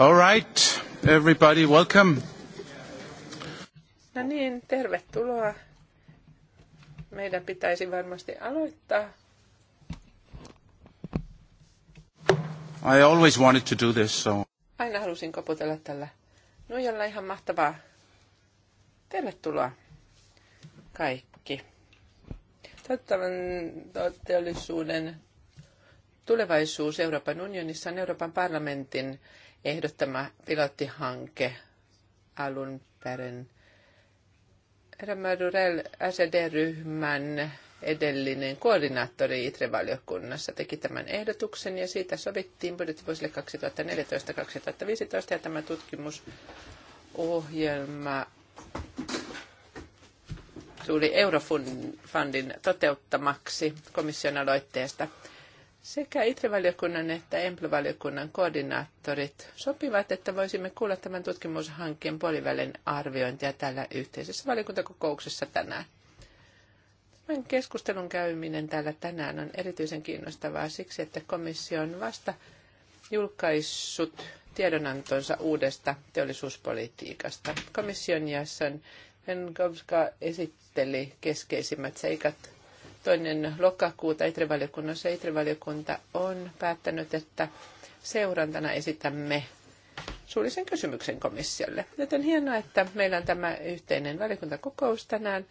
All right, everybody, welcome. No niin, tervetuloa. Meidän pitäisi varmasti aloittaa. I always wanted to do this, so... Aina halusin koputella tällä. No jolla ihan mahtavaa. Tervetuloa kaikki. Tuottavan teollisuuden tulevaisuus Euroopan unionissa on Euroopan parlamentin ehdottama pilottihanke alun perin. Ramadurel SED-ryhmän edellinen koordinaattori ITRE-valiokunnassa teki tämän ehdotuksen ja siitä sovittiin budjettivuosille 2014-2015 ja tämä tutkimusohjelma tuli Eurofundin toteuttamaksi komission aloitteesta. Sekä ITRE-valiokunnan että EMPLO-valiokunnan koordinaattorit sopivat, että voisimme kuulla tämän tutkimushankkeen puolivälin arviointia tällä yhteisessä valiokuntakokouksessa tänään. Tämän keskustelun käyminen täällä tänään on erityisen kiinnostavaa siksi, että komissio on vasta julkaissut tiedonantonsa uudesta teollisuuspolitiikasta. Komission jäsen Venkovska esitteli keskeisimmät seikat toinen lokakuuta Itrevaliokunnassa Itrevaliokunta on päättänyt, että seurantana esitämme suullisen kysymyksen komissiolle. Joten hienoa, että meillä on tämä yhteinen valiokuntakokous tänään.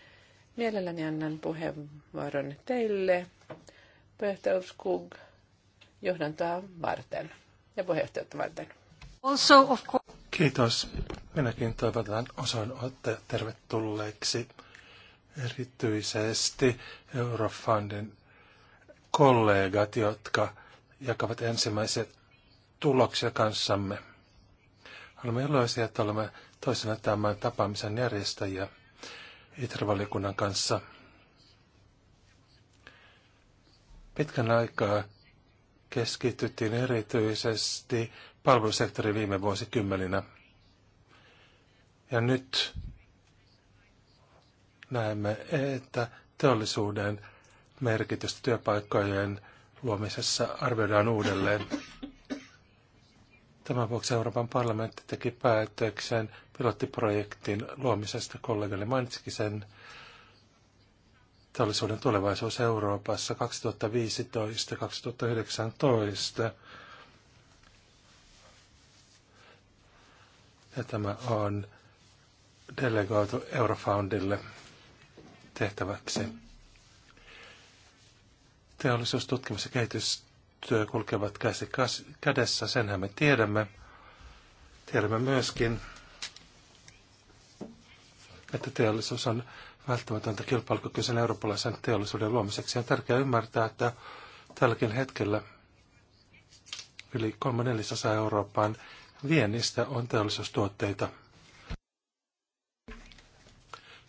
Mielelläni annan puheenvuoron teille, puheenjohtaja Skog, johdantoa varten ja puheenjohtajat varten. Also, of course. Kiitos. Minäkin toivotan osanottajat tervetulleeksi erityisesti Eurofundin kollegat, jotka jakavat ensimmäiset tuloksia kanssamme. Olemme iloisia, että olemme toisena tämän tapaamisen järjestäjiä Itravalikunnan kanssa. Pitkän aikaa keskityttiin erityisesti palvelusektorin viime vuosikymmeninä. Ja nyt näemme, että teollisuuden merkitystä työpaikkojen luomisessa arvioidaan uudelleen. Tämän vuoksi Euroopan parlamentti teki päätöksen pilottiprojektin luomisesta. Kollegalle mainitsikin sen teollisuuden tulevaisuus Euroopassa 2015-2019. Ja tämä on delegoitu Eurofoundille tehtäväksi. Teollisuus, tutkimus ja kehitystyö kulkevat käsi kädessä, senhän me tiedämme. Tiedämme myöskin, että teollisuus on välttämätöntä kilpailukykyisen eurooppalaisen teollisuuden luomiseksi. On tärkeää ymmärtää, että tälläkin hetkellä yli kolme neljäsosa Euroopan viennistä on teollisuustuotteita –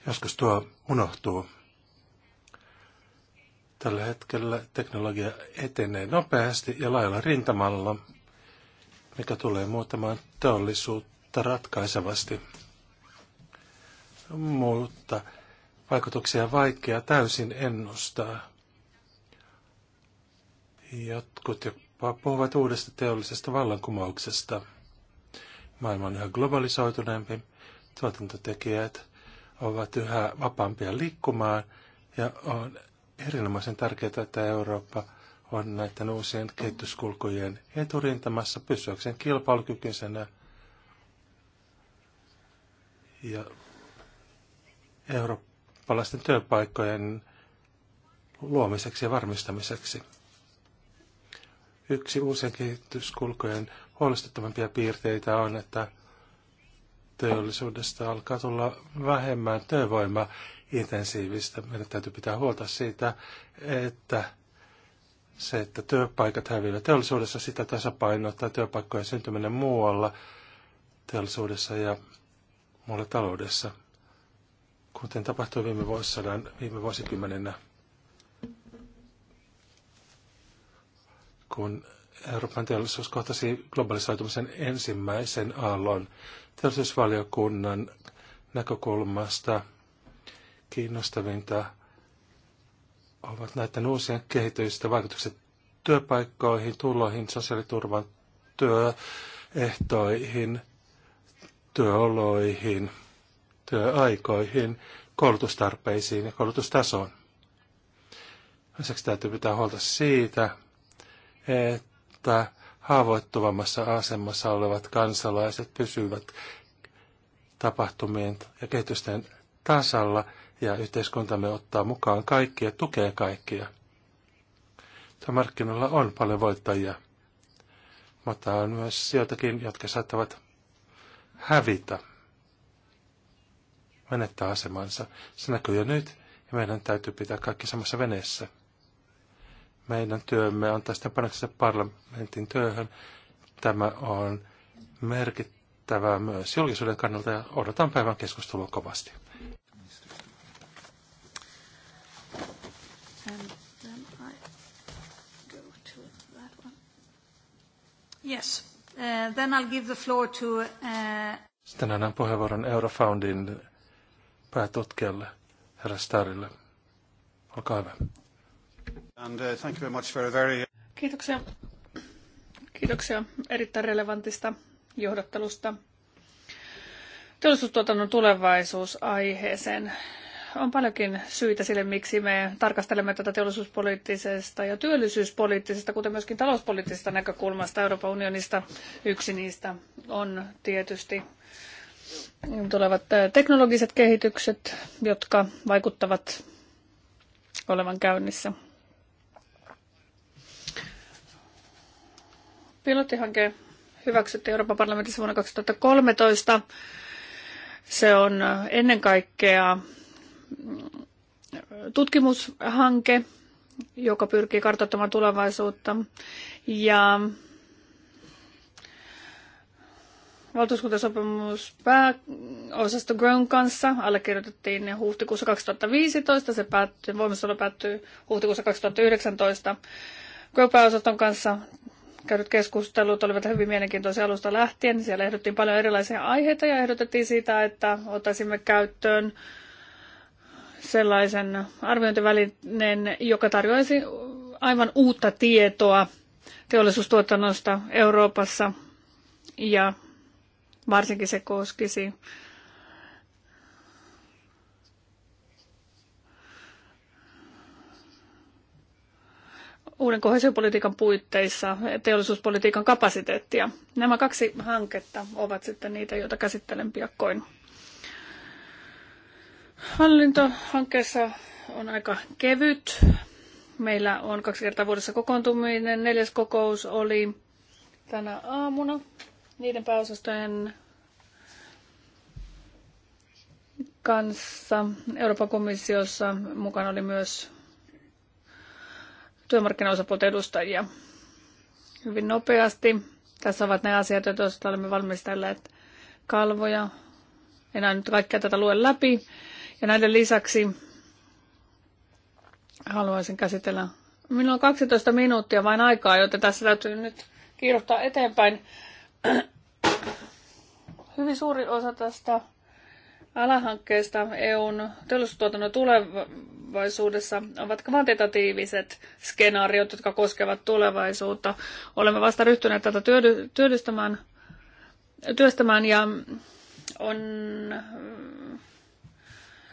Joskus tuo unohtuu. Tällä hetkellä teknologia etenee nopeasti ja lailla rintamalla, mikä tulee muuttamaan teollisuutta ratkaisevasti. Mutta vaikutuksia vaikea täysin ennustaa. Jotkut jopa puhuvat uudesta teollisesta vallankumouksesta. Maailma on yhä globalisoituneempi, tuotantotekijät ovat yhä vapaampia liikkumaan ja on erinomaisen tärkeää, että Eurooppa on näiden uusien kehityskulkujen eturintamassa pysyäkseen kilpailukykyisenä ja eurooppalaisten työpaikkojen luomiseksi ja varmistamiseksi. Yksi uusien kehityskulkojen huolestuttavampia piirteitä on, että teollisuudesta alkaa tulla vähemmän työvoima intensiivistä. Meidän täytyy pitää huolta siitä, että se, että työpaikat häviävät teollisuudessa, sitä tasapainottaa työpaikkojen syntyminen muualla teollisuudessa ja muualla taloudessa, kuten tapahtui viime vuosisadan, viime vuosikymmenenä, kun Euroopan teollisuus kohtasi globalisoitumisen ensimmäisen aallon tarkastusvaliokunnan näkökulmasta kiinnostavinta ovat näiden uusien kehitysten vaikutukset työpaikkoihin, tuloihin, sosiaaliturvan työehtoihin, työoloihin, työaikoihin, koulutustarpeisiin ja koulutustasoon. Lisäksi täytyy pitää huolta siitä, että haavoittuvammassa asemassa olevat kansalaiset pysyvät tapahtumien ja kehitysten tasalla ja yhteiskuntamme ottaa mukaan kaikki ja tukee kaikkia. Markkinoilla on paljon voittajia, mutta on myös joitakin, jotka saattavat hävitä, menettää asemansa. Se näkyy jo nyt ja meidän täytyy pitää kaikki samassa veneessä. Meidän työmme on tästä panoksessa parlamentin työhön. Tämä on merkittävää myös julkisuuden kannalta ja odotan päivän keskustelua kovasti. Yes. Uh, then I'll give the floor to... Uh, Sitten annan puheenvuoron Eurofoundin päätutkijalle, herra Starille. Olkaa hyvä. And, uh, thank you very much for a very... Uh, Kiitoksia. Kiitoksia erittäin relevantista johdattelusta teollisuustuotannon tulevaisuusaiheeseen On paljonkin syitä sille, miksi me tarkastelemme tätä teollisuuspoliittisesta ja työllisyyspoliittisesta, kuten myöskin talouspoliittisesta näkökulmasta Euroopan unionista. Yksi niistä on tietysti tulevat äh, teknologiset kehitykset, jotka vaikuttavat olevan käynnissä Pilottihanke hyväksyttiin Euroopan parlamentissa vuonna 2013. Se on ennen kaikkea mm, tutkimushanke, joka pyrkii kartoittamaan tulevaisuutta. Ja valtuuskuntasopimus pääosasto Grown kanssa allekirjoitettiin huhtikuussa 2015. Se päättyi, voimassaolo päättyy huhtikuussa 2019. Grow pääosaston kanssa käydyt keskustelut olivat hyvin mielenkiintoisia alusta lähtien. Siellä ehdottiin paljon erilaisia aiheita ja ehdotettiin sitä, että ottaisimme käyttöön sellaisen arviointivälineen, joka tarjoaisi aivan uutta tietoa teollisuustuotannosta Euroopassa ja varsinkin se koskisi uuden kohesiopolitiikan puitteissa teollisuuspolitiikan kapasiteettia. Nämä kaksi hanketta ovat sitten niitä, joita käsittelen piakkoin. Hallintohankkeessa on aika kevyt. Meillä on kaksi kertaa vuodessa kokoontuminen. Neljäs kokous oli tänä aamuna niiden pääosastojen kanssa Euroopan komissiossa. Mukana oli myös työmarkkinaosapuolten edustajia hyvin nopeasti. Tässä ovat ne asiat, joista olemme valmistelleet kalvoja. Enää nyt kaikkea tätä luen läpi. Ja näiden lisäksi haluaisin käsitellä. Minulla on 12 minuuttia vain aikaa, joten tässä täytyy nyt kirjoittaa eteenpäin. Hyvin suuri osa tästä alahankkeesta EUn teollisuustuotannon tulee tulevaisuudessa ovat kvantitatiiviset skenaariot, jotka koskevat tulevaisuutta. Olemme vasta ryhtyneet tätä työdystämään, työstämään ja on äh,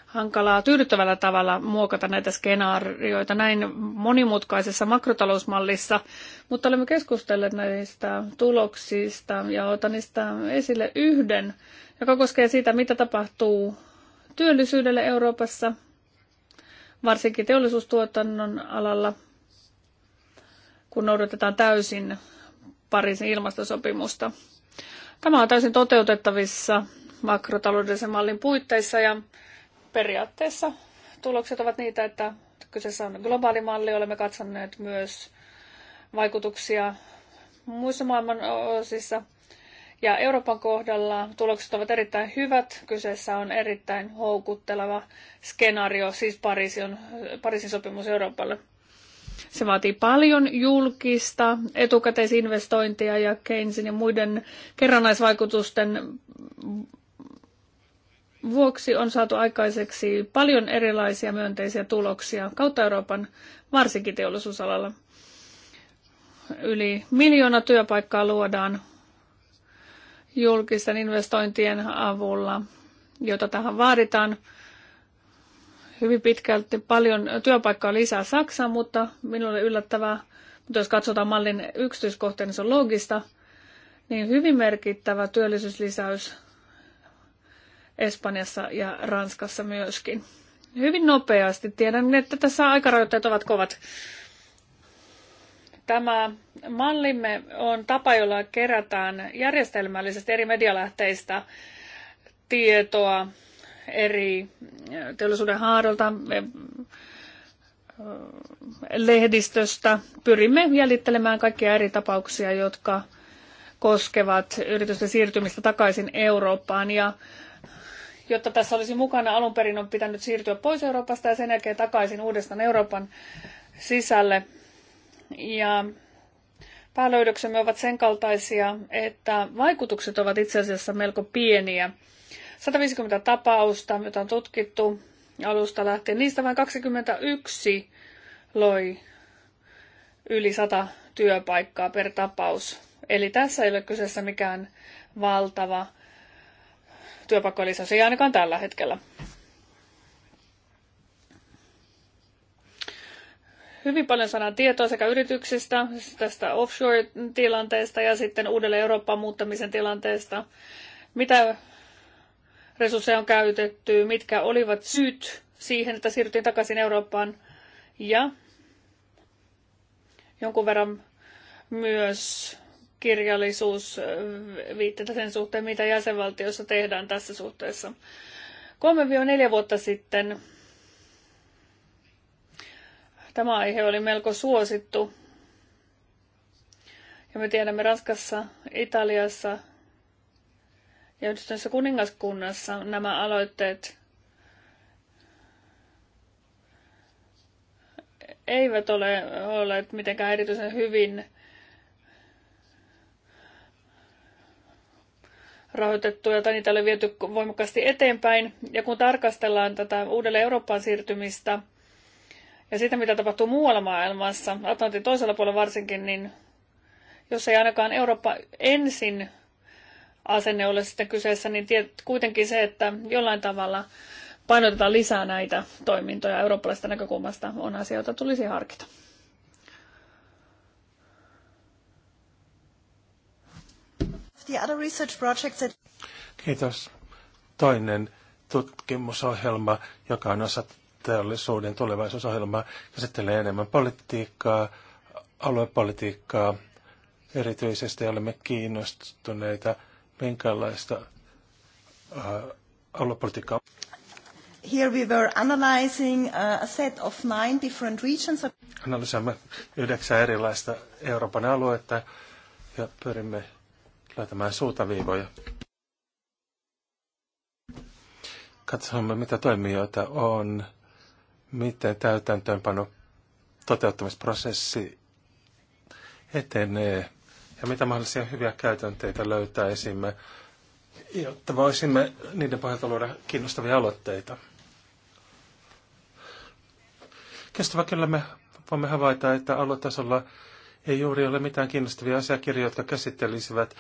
hankalaa tyydyttävällä tavalla muokata näitä skenaarioita näin monimutkaisessa makrotalousmallissa, mutta olemme keskustelleet näistä tuloksista ja otan niistä esille yhden, joka koskee sitä, mitä tapahtuu työllisyydelle Euroopassa – varsinkin teollisuustuotannon alalla, kun noudatetaan täysin Pariisin ilmastosopimusta. Tämä on täysin toteutettavissa makrotaloudellisen mallin puitteissa ja periaatteessa tulokset ovat niitä, että kyseessä on globaali malli. Olemme katsoneet myös vaikutuksia muissa maailman osissa – ja Euroopan kohdalla tulokset ovat erittäin hyvät. Kyseessä on erittäin houkutteleva skenaario, siis Pariisin, Pariisin sopimus Euroopalle. Se vaatii paljon julkista etukäteisinvestointia ja Keynesin ja muiden kerrannaisvaikutusten vuoksi on saatu aikaiseksi paljon erilaisia myönteisiä tuloksia kautta Euroopan, varsinkin teollisuusalalla. Yli miljoona työpaikkaa luodaan julkisten investointien avulla, jota tähän vaaditaan. Hyvin pitkälti paljon työpaikkaa lisää Saksaan, mutta minulle yllättävää, mutta jos katsotaan mallin yksityiskohtia, niin se on logista, niin hyvin merkittävä työllisyyslisäys Espanjassa ja Ranskassa myöskin. Hyvin nopeasti. Tiedän, että tässä aikarajoitteet ovat kovat. Tämä mallimme on tapa, jolla kerätään järjestelmällisesti eri medialähteistä tietoa eri eh, teollisuuden haarolta, eh, lehdistöstä. Pyrimme jäljittelemään kaikkia eri tapauksia, jotka koskevat yritysten siirtymistä takaisin Eurooppaan. Ja jotta tässä olisi mukana, alun perin on pitänyt siirtyä pois Euroopasta ja sen jälkeen takaisin uudestaan Euroopan sisälle ja päälöydöksemme ovat sen kaltaisia, että vaikutukset ovat itse asiassa melko pieniä. 150 tapausta, joita on tutkittu alusta lähtien, niistä vain 21 loi yli 100 työpaikkaa per tapaus. Eli tässä ei ole kyseessä mikään valtava työpaikkojen lisäys, ei ainakaan tällä hetkellä. Hyvin paljon saadaan tietoa sekä yrityksistä, siis tästä offshore-tilanteesta ja sitten uudelle Eurooppaan muuttamisen tilanteesta. Mitä resursseja on käytetty, mitkä olivat syyt siihen, että siirryttiin takaisin Eurooppaan ja jonkun verran myös kirjallisuusviitteitä sen suhteen, mitä jäsenvaltiossa tehdään tässä suhteessa. 3-4 vuotta sitten Tämä aihe oli melko suosittu. Ja me tiedämme Ranskassa, Italiassa ja yhdistyneessä kuningaskunnassa nämä aloitteet eivät ole olleet mitenkään erityisen hyvin rahoitettuja tai niitä ei ole viety voimakkaasti eteenpäin. Ja kun tarkastellaan tätä uudelle Eurooppaan siirtymistä, ja sitä mitä tapahtuu muualla maailmassa, Atlantin toisella puolella varsinkin, niin jos ei ainakaan Eurooppa ensin asenne ole sitten kyseessä, niin kuitenkin se, että jollain tavalla painotetaan lisää näitä toimintoja eurooppalaisesta näkökulmasta, on asia, jota tulisi harkita. The other research that... Kiitos. Toinen tutkimusohjelma, joka on osa teollisuuden tulevaisuusohjelma käsittelee enemmän politiikkaa, aluepolitiikkaa. Erityisesti olemme kiinnostuneita, minkälaista äh, aluepolitiikkaa Here we were analyzing uh, a set of nine different regions. Analysoimme yhdeksän erilaista Euroopan aluetta ja pyrimme löytämään suuntaviivoja. Katsomme, mitä toimijoita on miten täytäntöönpano toteuttamisprosessi etenee ja mitä mahdollisia hyviä käytänteitä esimme, jotta voisimme niiden pohjalta luoda kiinnostavia aloitteita. Kestävä kyllä me voimme havaita, että aluetasolla ei juuri ole mitään kiinnostavia asiakirjoja, jotka käsittelisivät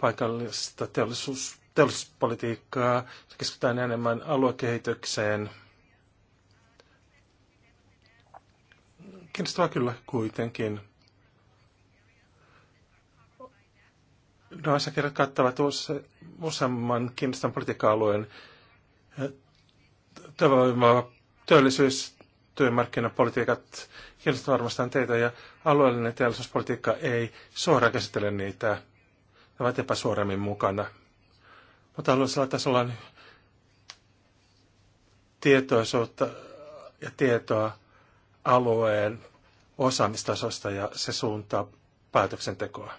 paikallista teollisuus, teollisuuspolitiikkaa. Keskitytään enemmän aluekehitykseen – kiinnostavaa kyllä kuitenkin. No, asiakirjat kattavat useamman kiinnostavan politiikka-alueen eh, työvoimaa, työllisyys, työmarkkinapolitiikat kiinnostavat varmastaan teitä ja alueellinen teollisuuspolitiikka ei suoraan käsittele niitä. Ne ovat epäsuoremmin mukana. Mutta alueellisella tasolla on tietoisuutta ja tietoa alueen osaamistasosta ja se suuntaa päätöksentekoa.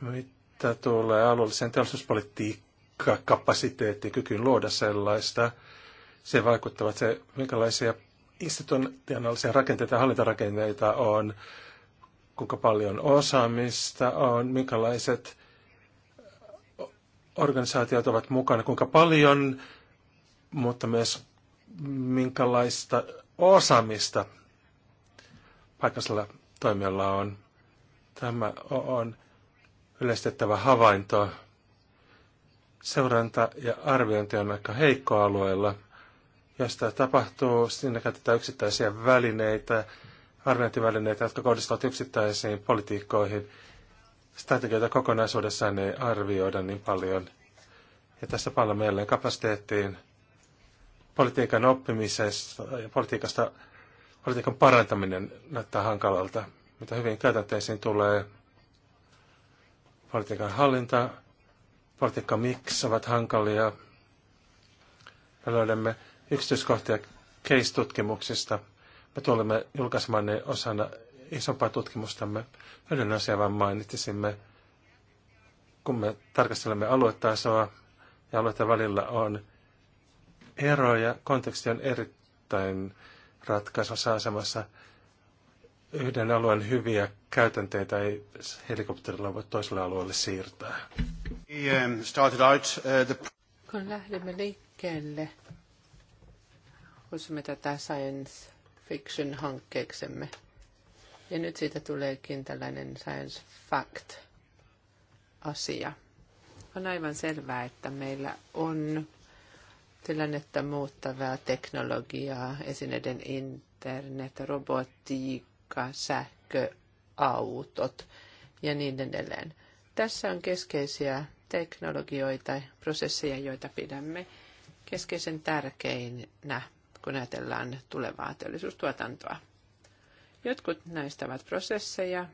Mitä tulee alueelliseen kapasiteettiin, kykyyn luoda sellaista, se vaikuttavat se, minkälaisia institutionaalisia rakenteita ja hallintarakenteita on, kuinka paljon osaamista on, minkälaiset organisaatiot ovat mukana, kuinka paljon mutta myös minkälaista osaamista paikallisella toimijalla on. Tämä on yleistettävä havainto. Seuranta ja arviointi on aika heikko alueella. Jos tämä tapahtuu, siinä käytetään yksittäisiä välineitä, arviointivälineitä, jotka kohdistuvat yksittäisiin politiikkoihin. Strategioita kokonaisuudessaan ei arvioida niin paljon. Ja tässä palaa meille kapasiteettiin – politiikan oppimisesta ja politiikasta, politiikan parantaminen näyttää hankalalta. Mitä hyvin käytänteisiin tulee, politiikan hallinta, politiikka miksi ovat hankalia. Me löydämme yksityiskohtia case-tutkimuksista. Me tulemme julkaisemaan ne osana isompaa tutkimustamme. Yhden asian vain mainitsimme, kun me tarkastelemme aluetasoa ja alueiden välillä on eroja. Konteksti on erittäin ratkaisussa asemassa. Yhden alueen hyviä käytänteitä ei helikopterilla voi toiselle alueelle siirtää. Um, uh, Kun lähdemme liikkeelle, kutsumme tätä science fiction hankkeeksemme. Ja nyt siitä tuleekin tällainen science fact asia. On aivan selvää, että meillä on tilannetta muuttavaa teknologiaa, esineiden internet, robotiikka, sähköautot ja niin edelleen. Tässä on keskeisiä teknologioita, prosesseja, joita pidämme keskeisen tärkeinä, kun ajatellaan tulevaa teollisuustuotantoa. Jotkut näistä ovat prosesseja,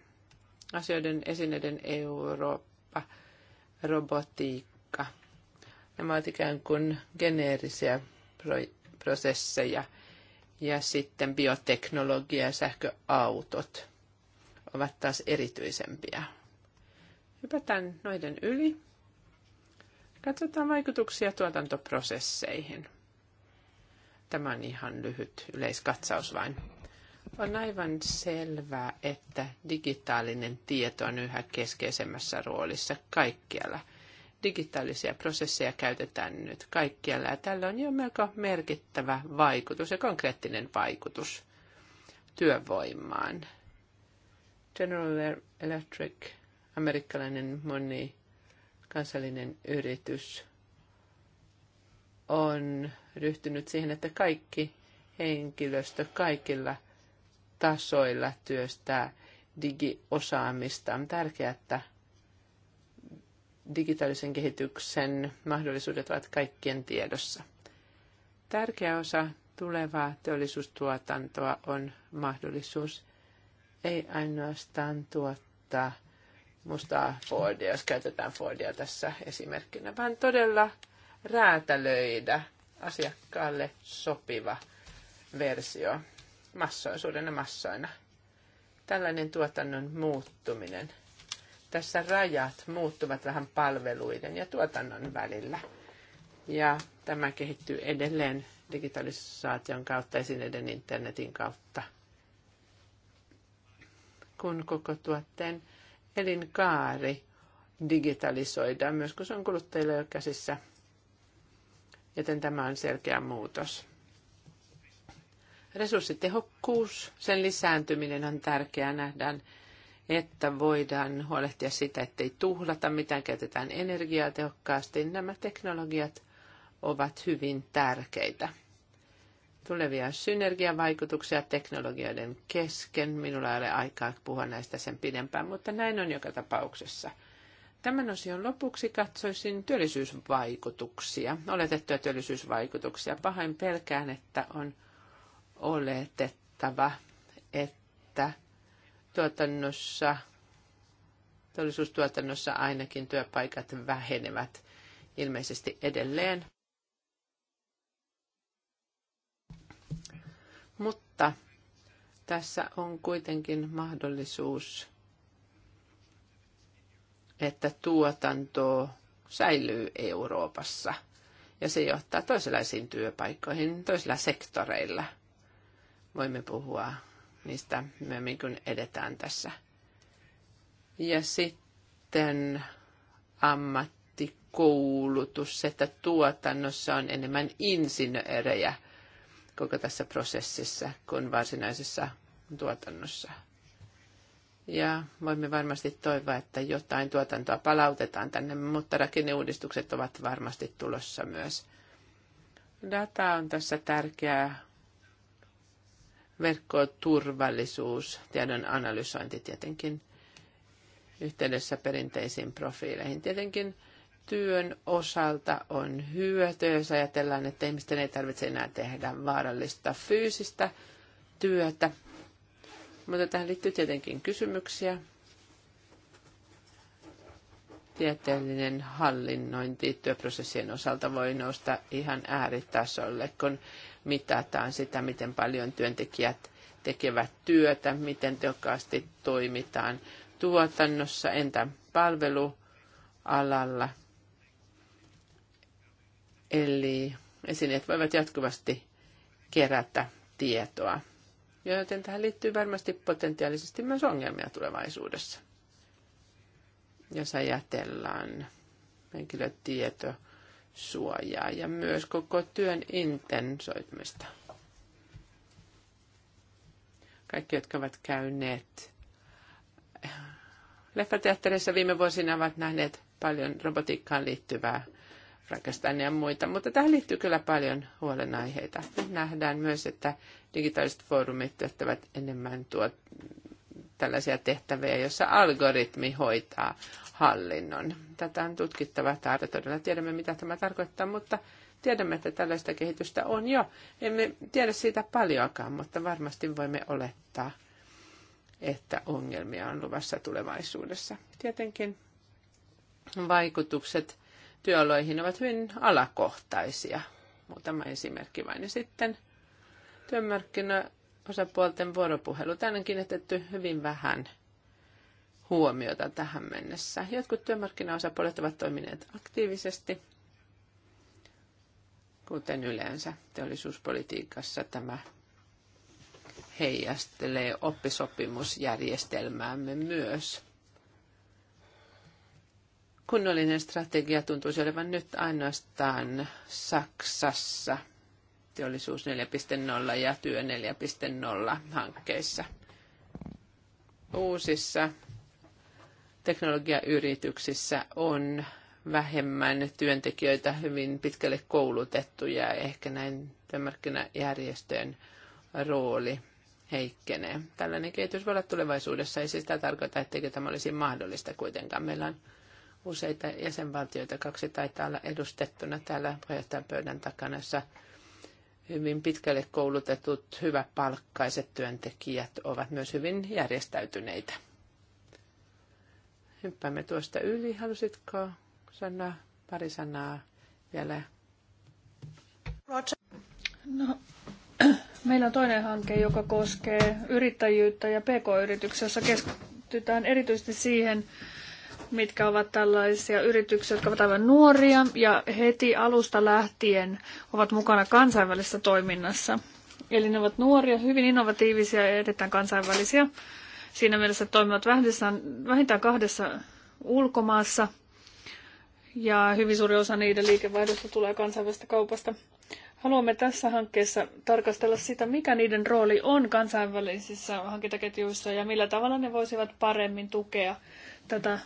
asioiden esineiden Eurooppa, robotiikka – Nämä ovat ikään kuin geneerisiä prosesseja. Ja sitten bioteknologia ja sähköautot ovat taas erityisempiä. Hypätään noiden yli. Katsotaan vaikutuksia tuotantoprosesseihin. Tämä on ihan lyhyt yleiskatsaus vain. On aivan selvää, että digitaalinen tieto on yhä keskeisemmässä roolissa kaikkialla – digitaalisia prosesseja käytetään nyt kaikkialla ja tällä on jo melko merkittävä vaikutus ja konkreettinen vaikutus työvoimaan. General Electric, amerikkalainen moni kansallinen yritys, on ryhtynyt siihen, että kaikki henkilöstö kaikilla tasoilla työstää digiosaamista. On tärkeää, että digitaalisen kehityksen mahdollisuudet ovat kaikkien tiedossa. Tärkeä osa tulevaa teollisuustuotantoa on mahdollisuus ei ainoastaan tuottaa mustaa Fordia, jos käytetään Fordia tässä esimerkkinä, vaan todella räätälöidä asiakkaalle sopiva versio massoisuudena massoina. Tällainen tuotannon muuttuminen – tässä rajat muuttuvat vähän palveluiden ja tuotannon välillä. Ja tämä kehittyy edelleen digitalisaation kautta, esineiden internetin kautta. Kun koko tuotteen elinkaari digitalisoidaan, myös kun se on kuluttajilla jo käsissä, joten tämä on selkeä muutos. Resurssitehokkuus, sen lisääntyminen on tärkeää, nähdään että voidaan huolehtia sitä, ettei tuhlata mitään, käytetään energiaa tehokkaasti. Nämä teknologiat ovat hyvin tärkeitä. Tulevia synergiavaikutuksia teknologioiden kesken. Minulla ei ole aikaa puhua näistä sen pidempään, mutta näin on joka tapauksessa. Tämän osion lopuksi katsoisin työllisyysvaikutuksia, oletettuja työllisyysvaikutuksia. Pahoin pelkään, että on oletettava, että tuotannossa, teollisuustuotannossa ainakin työpaikat vähenevät ilmeisesti edelleen. Mutta tässä on kuitenkin mahdollisuus, että tuotanto säilyy Euroopassa ja se johtaa toisenlaisiin työpaikkoihin toisilla sektoreilla. Voimme puhua niistä myöhemmin, kun edetään tässä. Ja sitten ammattikoulutus, se, että tuotannossa on enemmän insinöörejä koko tässä prosessissa kuin varsinaisessa tuotannossa. Ja voimme varmasti toivoa, että jotain tuotantoa palautetaan tänne, mutta rakenneuudistukset ovat varmasti tulossa myös. Data on tässä tärkeää verkkoturvallisuus, tiedon analysointi tietenkin yhteydessä perinteisiin profiileihin. Tietenkin työn osalta on hyötyä, jos ajatellaan, että ihmisten ei tarvitse enää tehdä vaarallista fyysistä työtä. Mutta tähän liittyy tietenkin kysymyksiä. Tieteellinen hallinnointi työprosessien osalta voi nousta ihan ääritasolle, kun mitataan sitä, miten paljon työntekijät tekevät työtä, miten tehokkaasti toimitaan tuotannossa, entä palvelualalla. Eli esineet voivat jatkuvasti kerätä tietoa. Joten tähän liittyy varmasti potentiaalisesti myös ongelmia tulevaisuudessa. Jos ajatellaan henkilötietoa, suojaa ja myös koko työn intensoitumista. Kaikki, jotka ovat käyneet leffateatterissa viime vuosina, ovat nähneet paljon robotiikkaan liittyvää Frankensteinia ja muita, mutta tähän liittyy kyllä paljon huolenaiheita. Nyt nähdään myös, että digitaaliset foorumit työttävät enemmän tuot tällaisia tehtäviä, joissa algoritmi hoitaa hallinnon. Tätä on tutkittava taida. Todella tiedämme, mitä tämä tarkoittaa, mutta tiedämme, että tällaista kehitystä on jo. Emme tiedä siitä paljoakaan, mutta varmasti voimme olettaa, että ongelmia on luvassa tulevaisuudessa. Tietenkin vaikutukset työoloihin ovat hyvin alakohtaisia. Muutama esimerkki vain. Ja sitten työmarkkina osapuolten vuoropuhelu. Täällä on kiinnitetty hyvin vähän huomiota tähän mennessä. Jotkut työmarkkinaosapuolet ovat toimineet aktiivisesti, kuten yleensä teollisuuspolitiikassa tämä heijastelee oppisopimusjärjestelmäämme myös. Kunnollinen strategia tuntuisi olevan nyt ainoastaan Saksassa – teollisuus 4.0 ja työ 4.0 hankkeissa. Uusissa teknologiayrityksissä on vähemmän työntekijöitä, hyvin pitkälle koulutettuja ja ehkä näin työmarkkinajärjestöjen rooli heikkenee. Tällainen kehitys voi olla tulevaisuudessa, ei siis sitä tarkoita, etteikö tämä olisi mahdollista kuitenkaan. Meillä on useita jäsenvaltioita, kaksi taitaa olla edustettuna täällä puheenjohtajan pöydän takana, jossa hyvin pitkälle koulutetut, hyväpalkkaiset työntekijät ovat myös hyvin järjestäytyneitä. Hyppäämme tuosta yli. Halusitko sanoa pari sanaa vielä? No, meillä on toinen hanke, joka koskee yrittäjyyttä ja pk-yrityksessä keskitytään erityisesti siihen, mitkä ovat tällaisia yrityksiä, jotka ovat aivan nuoria ja heti alusta lähtien ovat mukana kansainvälisessä toiminnassa. Eli ne ovat nuoria, hyvin innovatiivisia ja erittäin kansainvälisiä. Siinä mielessä toimivat vähintään, kahdessa ulkomaassa ja hyvin suuri osa niiden liikevaihdosta tulee kansainvälisestä kaupasta. Haluamme tässä hankkeessa tarkastella sitä, mikä niiden rooli on kansainvälisissä hankintaketjuissa ja millä tavalla ne voisivat paremmin tukea tätä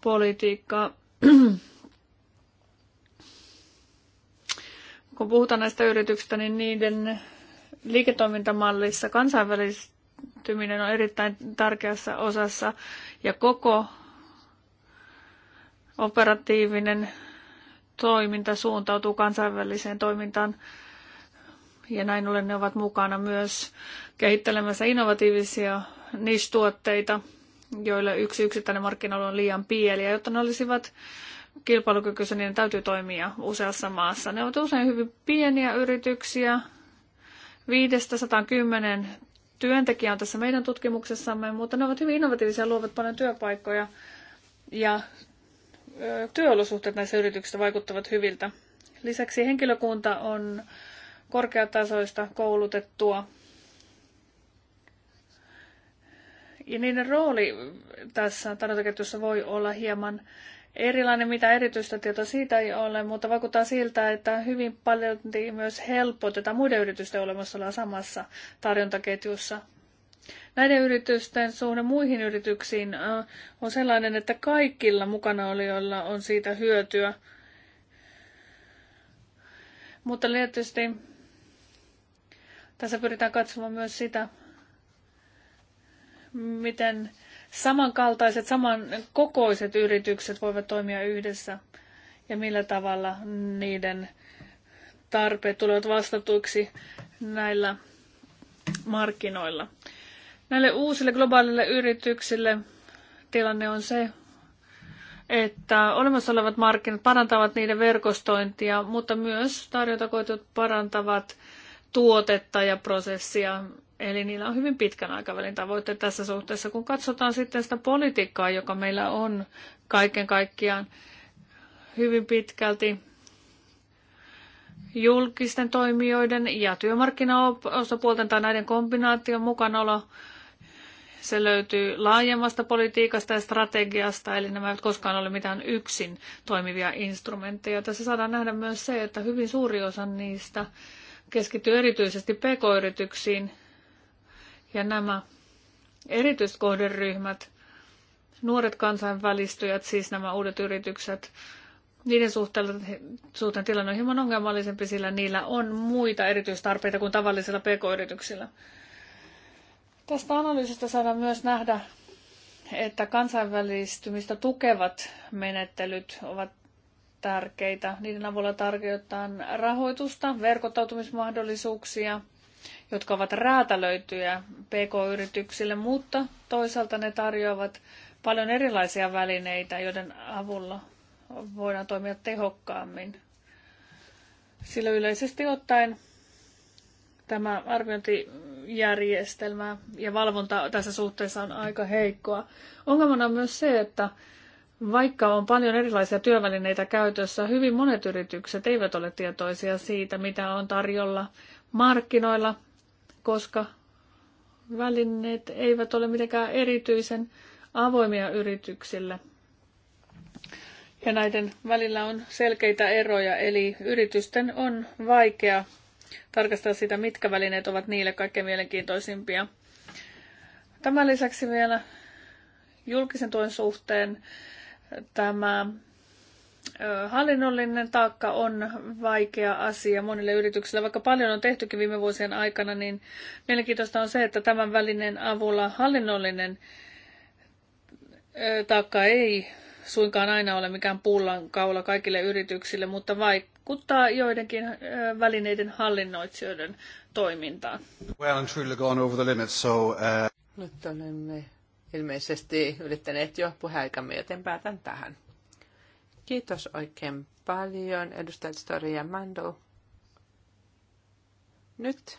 politiikkaa. Kun puhutaan näistä yrityksistä, niin niiden liiketoimintamallissa kansainvälistyminen on erittäin tärkeässä osassa ja koko operatiivinen toiminta suuntautuu kansainväliseen toimintaan ja näin ollen ne ovat mukana myös kehittelemässä innovatiivisia niche-tuotteita, joille yksi yksittäinen markkina on liian pieni. Ja jotta ne olisivat kilpailukykyisiä, niin ne täytyy toimia useassa maassa. Ne ovat usein hyvin pieniä yrityksiä, 510 työntekijä on tässä meidän tutkimuksessamme, mutta ne ovat hyvin innovatiivisia, luovat paljon työpaikkoja ja työolosuhteet näissä yrityksissä vaikuttavat hyviltä. Lisäksi henkilökunta on korkeatasoista koulutettua. Ja niiden rooli tässä tarjontaketjussa voi olla hieman erilainen, mitä erityistä tietoa siitä ei ole, mutta vaikuttaa siltä, että hyvin paljon myös helpotetaan muiden yritysten olemassaoloa samassa tarjontaketjussa. Näiden yritysten suhde muihin yrityksiin äh, on sellainen, että kaikilla mukana olijoilla on siitä hyötyä. Mutta tietysti tässä pyritään katsomaan myös sitä, miten samankaltaiset, samankokoiset yritykset voivat toimia yhdessä ja millä tavalla niiden tarpeet tulevat vastatuiksi näillä markkinoilla. Näille uusille globaalille yrityksille tilanne on se, että olemassa olevat markkinat parantavat niiden verkostointia, mutta myös tarjontaketjut parantavat tuotetta ja prosessia. Eli niillä on hyvin pitkän aikavälin tavoitteet tässä suhteessa. Kun katsotaan sitten sitä politiikkaa, joka meillä on kaiken kaikkiaan hyvin pitkälti julkisten toimijoiden ja työmarkkinaosapuolten tai näiden kombinaation mukanaolo se löytyy laajemmasta politiikasta ja strategiasta, eli nämä eivät koskaan ole mitään yksin toimivia instrumentteja. Tässä saadaan nähdä myös se, että hyvin suuri osa niistä keskittyy erityisesti pk-yrityksiin, ja nämä erityiskohderyhmät, nuoret kansainvälistyjät, siis nämä uudet yritykset, niiden suhteen tilanne on hieman ongelmallisempi, sillä niillä on muita erityistarpeita kuin tavallisilla pk-yrityksillä. Tästä analyysistä saadaan myös nähdä, että kansainvälistymistä tukevat menettelyt ovat tärkeitä. Niiden avulla tarkoitetaan rahoitusta, verkottautumismahdollisuuksia, jotka ovat räätälöityjä PK-yrityksille, mutta toisaalta ne tarjoavat paljon erilaisia välineitä, joiden avulla voidaan toimia tehokkaammin. Sillä yleisesti ottaen tämä arviointijärjestelmä ja valvonta tässä suhteessa on aika heikkoa. Ongelmana on myös se, että vaikka on paljon erilaisia työvälineitä käytössä, hyvin monet yritykset eivät ole tietoisia siitä, mitä on tarjolla markkinoilla, koska välineet eivät ole mitenkään erityisen avoimia yrityksille. Ja näiden välillä on selkeitä eroja, eli yritysten on vaikea tarkastella sitä, mitkä välineet ovat niille kaikkein mielenkiintoisimpia. Tämän lisäksi vielä julkisen tuen suhteen tämä hallinnollinen taakka on vaikea asia monille yrityksille. Vaikka paljon on tehtykin viime vuosien aikana, niin mielenkiintoista on se, että tämän välineen avulla hallinnollinen taakka ei suinkaan aina ole mikään kaula kaikille yrityksille, mutta vaikka vaikuttaa joidenkin välineiden hallinnoitsijoiden toimintaan. Well, I'm truly gone over the limit, so, uh... Nyt olemme ilmeisesti yrittäneet jo puheaikamme, joten päätän tähän. Kiitos oikein paljon, edustajat Stori ja Mando. Nyt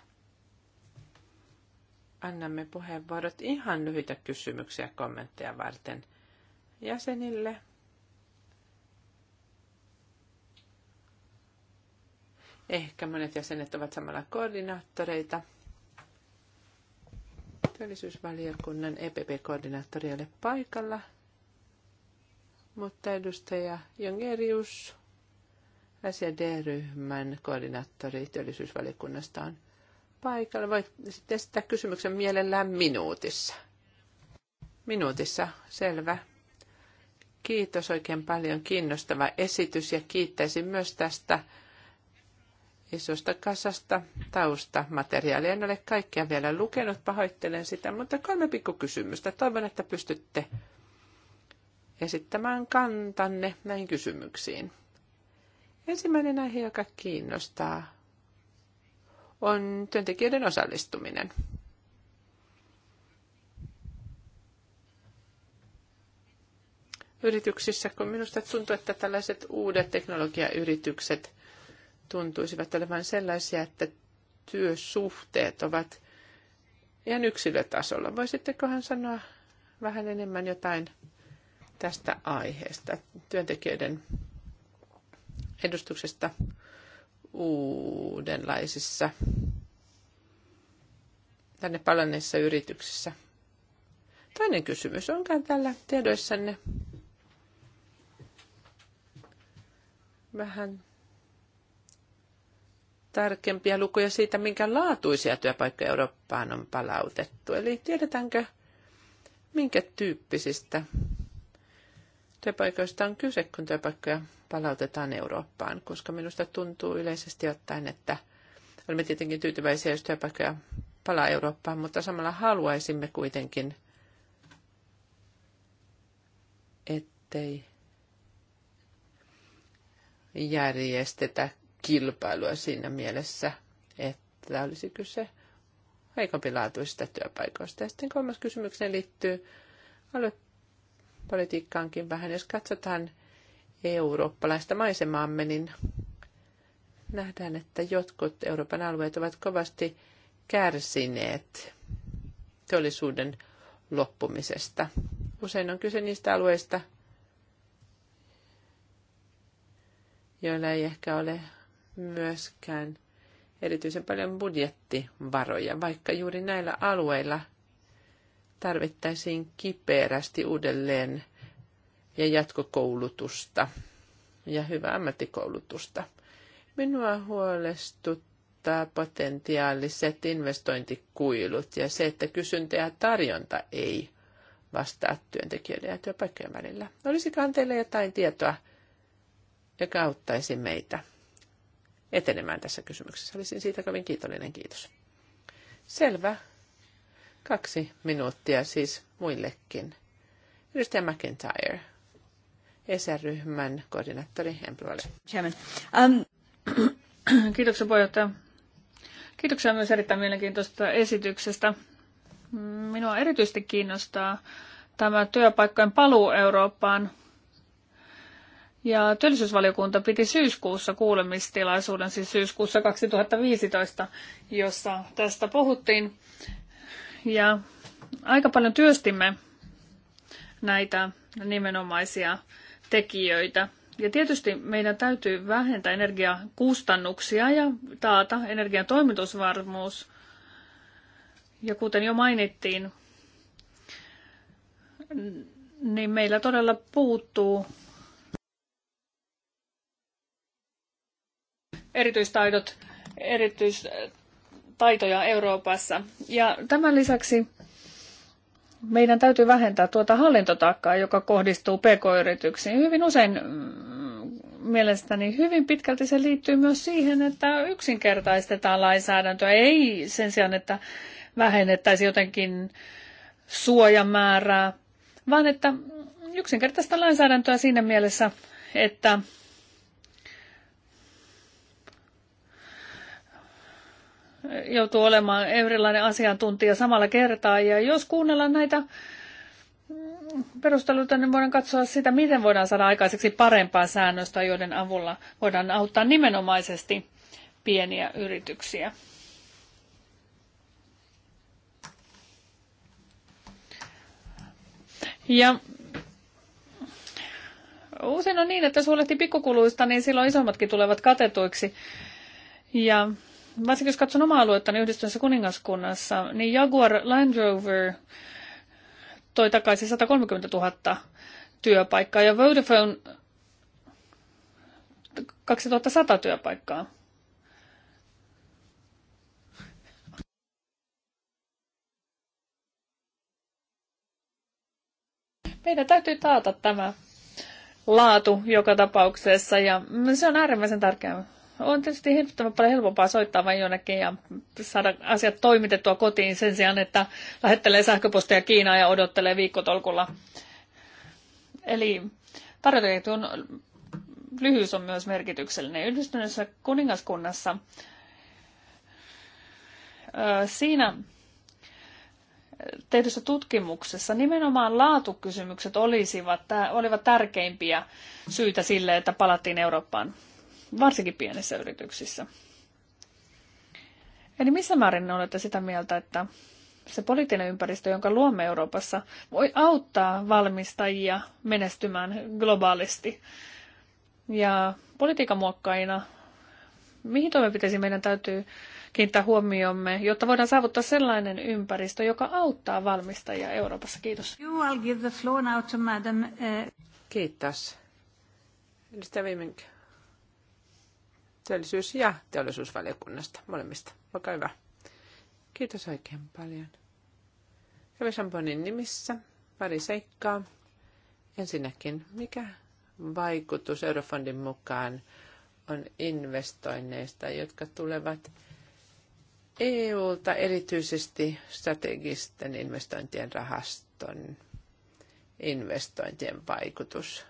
annamme puheenvuorot ihan lyhyitä kysymyksiä ja kommentteja varten jäsenille. Ehkä monet jäsenet ovat samalla koordinaattoreita. Työllisyysvaliokunnan EPP-koordinaattori ole paikalla, mutta edustaja Jongerius, d ryhmän koordinaattori työllisyysvaliokunnasta on paikalla. Voit sitten esittää kysymyksen mielellään minuutissa. Minuutissa, selvä. Kiitos oikein paljon, kiinnostava esitys ja kiittäisin myös tästä isosta kasasta taustamateriaalia. En ole kaikkea vielä lukenut, pahoittelen sitä, mutta kolme pikkukysymystä. Toivon, että pystytte esittämään kantanne näihin kysymyksiin. Ensimmäinen aihe, joka kiinnostaa, on työntekijöiden osallistuminen. Yrityksissä, kun minusta tuntuu, että tällaiset uudet teknologiayritykset – tuntuisivat olevan sellaisia, että työsuhteet ovat ihan yksilötasolla. Voisittekohan sanoa vähän enemmän jotain tästä aiheesta, työntekijöiden edustuksesta uudenlaisissa tänne palanneissa yrityksissä. Toinen kysymys, onkaan täällä tiedoissanne vähän tarkempia lukuja siitä, minkä laatuisia työpaikkoja Eurooppaan on palautettu. Eli tiedetäänkö, minkä tyyppisistä työpaikoista on kyse, kun työpaikkoja palautetaan Eurooppaan, koska minusta tuntuu yleisesti ottaen, että olemme tietenkin tyytyväisiä, jos työpaikkoja palaa Eurooppaan, mutta samalla haluaisimme kuitenkin, ettei järjestetä kilpailua siinä mielessä, että olisi kyse laatuista työpaikoista. Ja sitten kolmas kysymykseen liittyy aluepolitiikkaankin vähän. Jos katsotaan eurooppalaista maisemaamme, niin nähdään, että jotkut Euroopan alueet ovat kovasti kärsineet teollisuuden loppumisesta. Usein on kyse niistä alueista, joilla ei ehkä ole myöskään erityisen paljon budjettivaroja, vaikka juuri näillä alueilla tarvittaisiin kipeästi uudelleen ja jatkokoulutusta ja hyvää ammattikoulutusta. Minua huolestuttaa potentiaaliset investointikuilut ja se, että kysyntä ja tarjonta ei vastaa työntekijöiden ja työpaikkojen välillä. Olisikohan teillä jotain tietoa, joka auttaisi meitä? etenemään tässä kysymyksessä. Olisin siitä kovin kiitollinen, kiitos. Selvä. Kaksi minuuttia siis muillekin. Edustaja McIntyre, ESR-ryhmän koordinaattori Emploille. Um, Kiitoksia puheenjohtaja. Kiitoksia myös erittäin mielenkiintoisesta esityksestä. Minua erityisesti kiinnostaa tämä työpaikkojen paluu Eurooppaan – ja työllisyysvaliokunta piti syyskuussa kuulemistilaisuuden, siis syyskuussa 2015, jossa tästä puhuttiin. Ja aika paljon työstimme näitä nimenomaisia tekijöitä. Ja tietysti meidän täytyy vähentää energiakustannuksia ja taata energian toimitusvarmuus. Ja kuten jo mainittiin, niin meillä todella puuttuu erityistaidot, erityistaitoja Euroopassa. Ja tämän lisäksi meidän täytyy vähentää tuota hallintotaakkaa, joka kohdistuu pk-yrityksiin. Hyvin usein mm, mielestäni hyvin pitkälti se liittyy myös siihen, että yksinkertaistetaan lainsäädäntöä. Ei sen sijaan, että vähennettäisiin jotenkin suojamäärää, vaan että yksinkertaista lainsäädäntöä siinä mielessä, että joutuu olemaan erilainen asiantuntija samalla kertaa. Ja jos kuunnellaan näitä perusteluita, niin voidaan katsoa sitä, miten voidaan saada aikaiseksi parempaa säännöstä, joiden avulla voidaan auttaa nimenomaisesti pieniä yrityksiä. Ja usein on niin, että jos huolehtii pikkukuluista, niin silloin isommatkin tulevat katetuiksi. Ja varsinkin jos katson omaa aluetta, niin yhdistyneessä kuningaskunnassa, niin Jaguar Land Rover toi takaisin 130 000 työpaikkaa ja Vodafone 2100 työpaikkaa. Meidän täytyy taata tämä laatu joka tapauksessa ja se on äärimmäisen tärkeää on tietysti hirvittävän paljon helpompaa soittaa vain jonnekin ja saada asiat toimitettua kotiin sen sijaan, että lähettelee sähköpostia Kiinaan ja odottelee viikkotolkulla. Eli tarjontaketjun lyhyys on myös merkityksellinen. Yhdistyneessä kuningaskunnassa siinä tehdyssä tutkimuksessa nimenomaan laatukysymykset olisivat, olivat tärkeimpiä syitä sille, että palattiin Eurooppaan varsinkin pienissä yrityksissä. Eli missä määrin olette sitä mieltä, että se poliittinen ympäristö, jonka luomme Euroopassa, voi auttaa valmistajia menestymään globaalisti? Ja politiikan muokkaina, mihin toimenpiteisiin meidän täytyy kiinnittää huomiomme, jotta voidaan saavuttaa sellainen ympäristö, joka auttaa valmistajia Euroopassa. Kiitos. You, I'll give the floor now to madam, eh, Kiitos. Edustaja Vimenkä työllisyys- ja teollisuusvaliokunnasta, molemmista. Olkaa hyvä. Kiitos oikein paljon. Hyvä Samponin nimissä pari seikkaa. Ensinnäkin, mikä vaikutus Eurofondin mukaan on investoinneista, jotka tulevat EU-ta erityisesti strategisten investointien rahaston investointien vaikutus?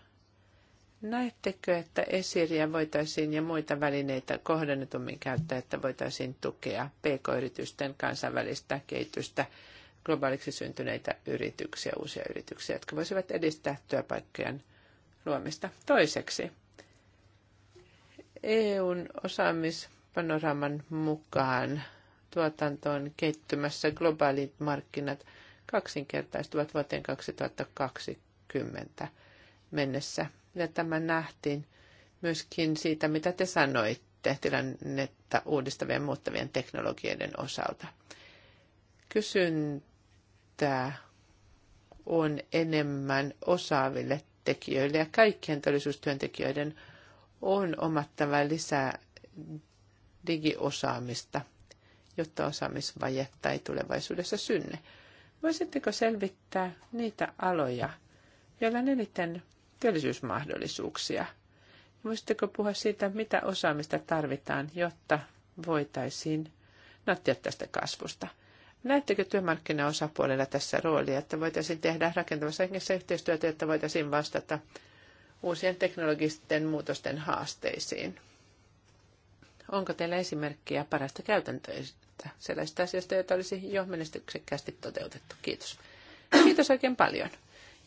Näettekö, että esiriä voitaisiin ja muita välineitä kohdennetummin käyttää, että voitaisiin tukea pk-yritysten kansainvälistä kehitystä, globaaliksi syntyneitä yrityksiä, uusia yrityksiä, jotka voisivat edistää työpaikkojen luomista. Toiseksi, EUn osaamispanoraman mukaan tuotanto on kehittymässä globaalit markkinat kaksinkertaistuvat vuoteen 2020 mennessä – ja tämä nähtiin myöskin siitä, mitä te sanoitte tilannetta uudistavien muuttavien teknologioiden osalta. Kysyntää on enemmän osaaville tekijöille ja kaikkien todellisuustyöntekijöiden on omattava lisää digiosaamista, jotta osaamisvajetta ei tulevaisuudessa synny. Voisitteko selvittää niitä aloja, joilla on eniten työllisyysmahdollisuuksia. Voisitteko puhua siitä, mitä osaamista tarvitaan, jotta voitaisiin nauttia tästä kasvusta? Näettekö työmarkkinaosapuolella tässä roolia, että voitaisiin tehdä rakentavassa hengessä yhteistyötä, jotta voitaisiin vastata uusien teknologisten muutosten haasteisiin? Onko teillä esimerkkiä parasta käytäntöistä sellaisista asioista, joita olisi jo menestyksekkäästi toteutettu? Kiitos. Kiitos oikein paljon.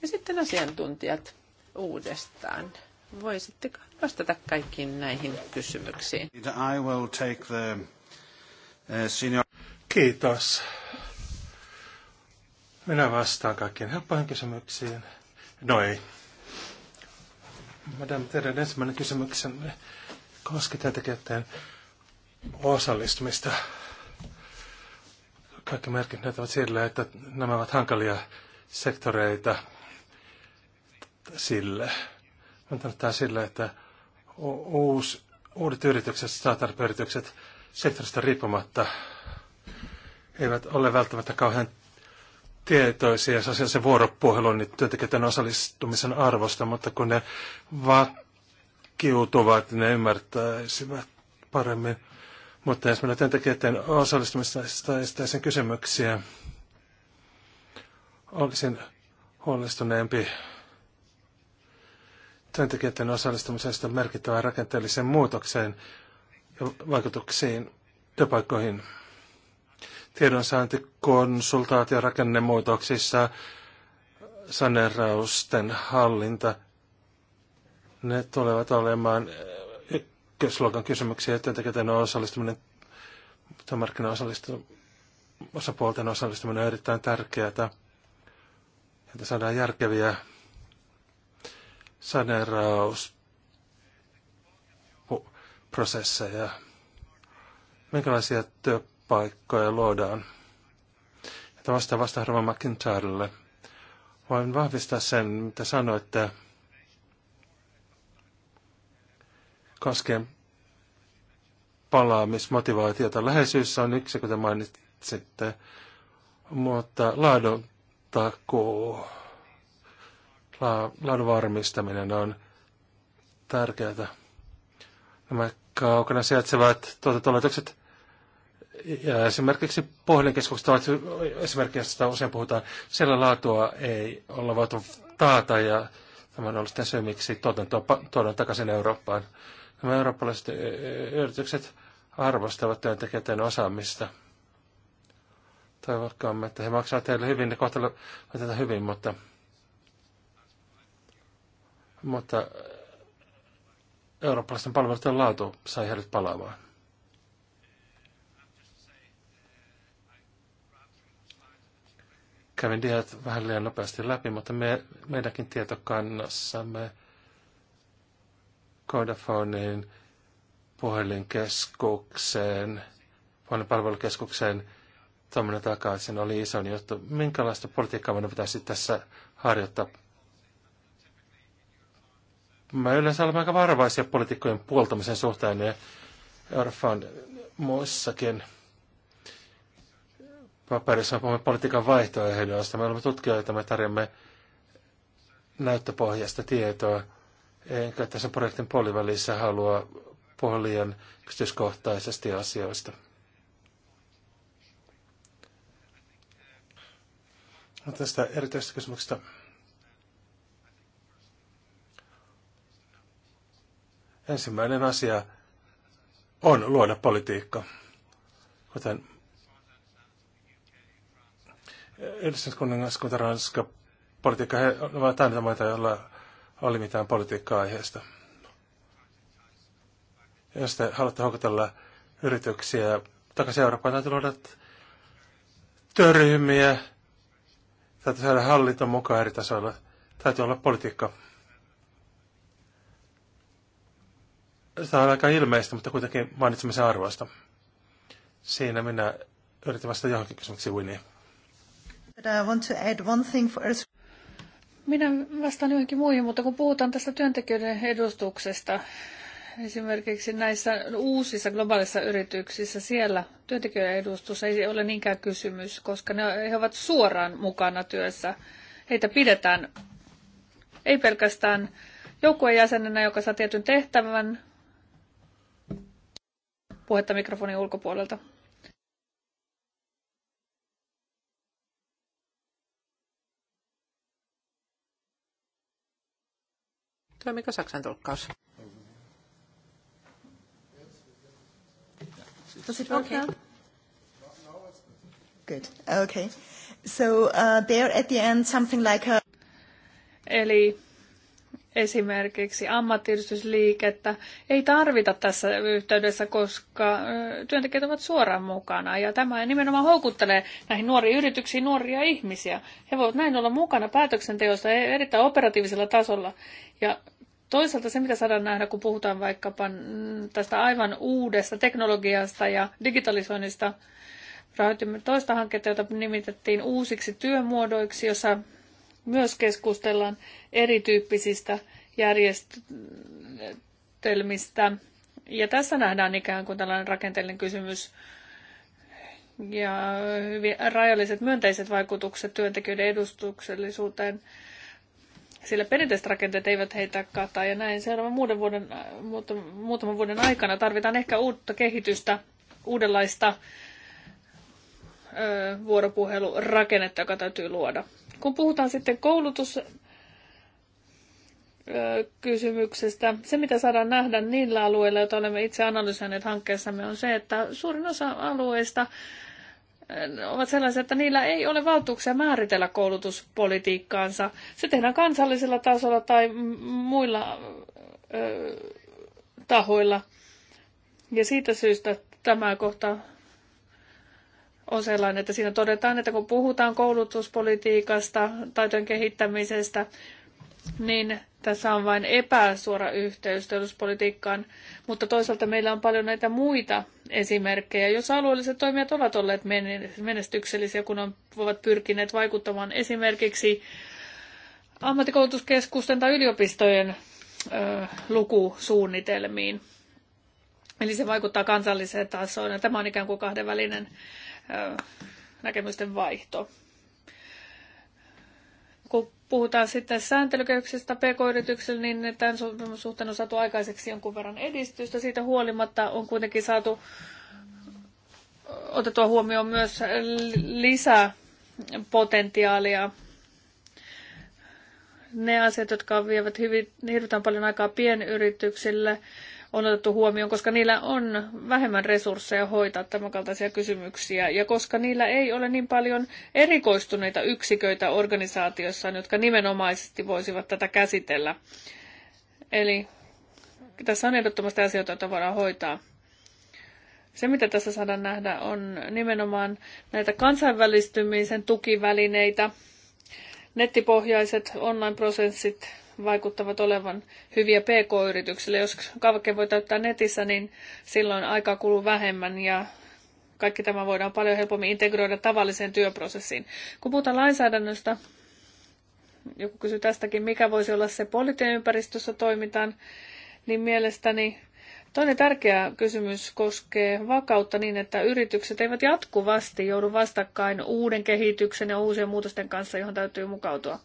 Ja sitten asiantuntijat uudestaan. Voisitteko vastata kaikkiin näihin kysymyksiin? I will take the, uh, senior... Kiitos. Minä vastaan kaikkiin helppoihin kysymyksiin. No ei. Madame, teidän ensimmäinen kysymyksenne koski työntekijöiden osallistumista. Kaikki merkit näyttävät sille, että nämä ovat hankalia sektoreita sille. Hän tarkoittaa sille, että uusi uudet yritykset, startup-yritykset sektorista riippumatta eivät ole välttämättä kauhean tietoisia sosiaalisen vuoropuhelun niin työntekijöiden osallistumisen arvosta, mutta kun ne vakiutuvat, niin ne ymmärtäisivät paremmin. Mutta jos meillä työntekijöiden osallistumisesta niin estäisin kysymyksiä, olisin huolestuneempi työntekijöiden osallistumisesta merkittävään rakenteelliseen muutokseen ja vaikutuksiin työpaikkoihin. Tiedonsaanti, konsultaatio rakennemuutoksissa, saneerausten hallinta, ne tulevat olemaan ykkösluokan kysymyksiä työntekijöiden osallistuminen, osapuolten osallistuminen on erittäin tärkeää, että saadaan järkeviä saneerausprosesseja? Minkälaisia työpaikkoja luodaan? Että vastaan vasta Rova McIntyrelle. Voin vahvistaa sen, mitä sanoitte koskien palaamismotivaatiota. Läheisyys on yksi, kuten mainitsitte, mutta laadun takuu laadun varmistaminen on tärkeää. Nämä kaukana sijaitsevat tuotantolaitokset ja esimerkiksi puhelinkeskukset ovat esimerkiksi, josta usein puhutaan, siellä laatua ei olla voitu taata ja tämä on ollut sitten syy, miksi tuotantoa tuodaan takaisin Eurooppaan. Nämä eurooppalaiset yritykset arvostavat työntekijöiden osaamista. Toivokkaamme, että he maksavat teille hyvin ne kohtelevat hyvin, mutta mutta eurooppalaisten palveluiden laatu sai heidät palaamaan. Kävin diat vähän liian nopeasti läpi, mutta me, meidänkin tietokannassamme Codafonin puhelinkeskukseen, puhelinpalvelukeskukseen tuommoinen takaisin oli iso juttu. Minkälaista politiikkaa meidän pitäisi tässä harjoittaa mä yleensä olemme aika varovaisia poliitikkojen puoltamisen suhteen ja Orfan muissakin paperissa me puhumme politiikan vaihtoehdoista. Me olemme tutkijoita, me tarjoamme näyttöpohjaista tietoa. Enkä tässä projektin puolivälissä halua puhua liian yksityiskohtaisesti asioista. No, tästä erityisestä kysymyksestä. Ensimmäinen asia on luoda politiikka. Kuten yhdistyskuningaskunta Ranska politiikka, he ovat aina maita, joilla oli mitään politiikkaa aiheesta. Jos te haluatte houkutella yrityksiä takaisin Eurooppaan, täytyy luoda työryhmiä, täytyy saada hallinto mukaan eri tasoilla. Täytyy olla politiikka. Tämä on aika ilmeistä, mutta kuitenkin mainitsemisen arvoista. Siinä minä yritin vastata johonkin kysymyksiin, Winnie. Minä vastaan johonkin muihin, mutta kun puhutaan tästä työntekijöiden edustuksesta, esimerkiksi näissä uusissa globaalissa yrityksissä, siellä työntekijöiden edustus ei ole niinkään kysymys, koska ne, he ovat suoraan mukana työssä. Heitä pidetään ei pelkästään joukkueen jäsenenä, joka saa tietyn tehtävän, puhetta mikrofonin ulkopuolelta. Toimiko Saksan tulkkaus? Does it work okay. now? Good. Okay. So uh, there at the end something like a... Eli esimerkiksi ammattiyhdistysliikettä ei tarvita tässä yhteydessä, koska työntekijät ovat suoraan mukana. Ja tämä nimenomaan houkuttelee näihin nuoriin yrityksiin nuoria ihmisiä. He voivat näin olla mukana päätöksenteossa erittäin operatiivisella tasolla. Ja toisaalta se, mitä saadaan nähdä, kun puhutaan vaikkapa tästä aivan uudesta teknologiasta ja digitalisoinnista, rahoitimme toista hanketta, jota nimitettiin uusiksi työmuodoiksi, jossa myös keskustellaan erityyppisistä järjestelmistä. Ja tässä nähdään ikään kuin tällainen rakenteellinen kysymys ja hyvin rajalliset myönteiset vaikutukset työntekijöiden edustuksellisuuteen, sillä perinteiset rakenteet eivät heitä kataa Ja näin seuraavan muuden vuoden, muutaman vuoden aikana tarvitaan ehkä uutta kehitystä, uudenlaista vuoropuhelurakennetta, joka täytyy luoda. Kun puhutaan sitten koulutus kysymyksestä. Se, mitä saadaan nähdä niillä alueilla, joita olemme itse analysoineet hankkeessamme, on se, että suurin osa alueista ovat sellaisia, että niillä ei ole valtuuksia määritellä koulutuspolitiikkaansa. Se tehdään kansallisella tasolla tai muilla ö, tahoilla. Ja siitä syystä tämä kohta on sellainen, että siinä todetaan, että kun puhutaan koulutuspolitiikasta, taitojen kehittämisestä, niin tässä on vain epäsuora yhteys teollisuuspolitiikkaan, mutta toisaalta meillä on paljon näitä muita esimerkkejä, jos alueelliset toimijat ovat olleet menestyksellisiä, kun on, ovat pyrkineet vaikuttamaan esimerkiksi ammattikoulutuskeskusten tai yliopistojen ö, lukusuunnitelmiin. Eli se vaikuttaa kansalliseen tasoon ja tämä on ikään kuin kahdenvälinen Äh, näkemysten vaihto. Kun puhutaan sitten sääntelykehyksestä pk yrityksellä niin tämän suhteen on saatu aikaiseksi jonkun verran edistystä. Siitä huolimatta on kuitenkin saatu otettua huomioon myös lisää potentiaalia. Ne asiat, jotka vievät hyvin, hirvittävän paljon aikaa pienyrityksille, on otettu huomioon, koska niillä on vähemmän resursseja hoitaa tämänkaltaisia kysymyksiä ja koska niillä ei ole niin paljon erikoistuneita yksiköitä organisaatiossaan, jotka nimenomaisesti voisivat tätä käsitellä. Eli tässä on ehdottomasti asioita, joita voidaan hoitaa. Se, mitä tässä saadaan nähdä, on nimenomaan näitä kansainvälistymisen tukivälineitä, nettipohjaiset online-prosessit, vaikuttavat olevan hyviä pk-yrityksille. Jos kavake voi täyttää netissä, niin silloin aikaa kuluu vähemmän ja kaikki tämä voidaan paljon helpommin integroida tavalliseen työprosessiin. Kun puhutaan lainsäädännöstä, joku kysyi tästäkin, mikä voisi olla se poliittinen ympäristö, jossa toimitaan, niin mielestäni toinen tärkeä kysymys koskee vakautta niin, että yritykset eivät jatkuvasti joudu vastakkain uuden kehityksen ja uusien muutosten kanssa, johon täytyy mukautua.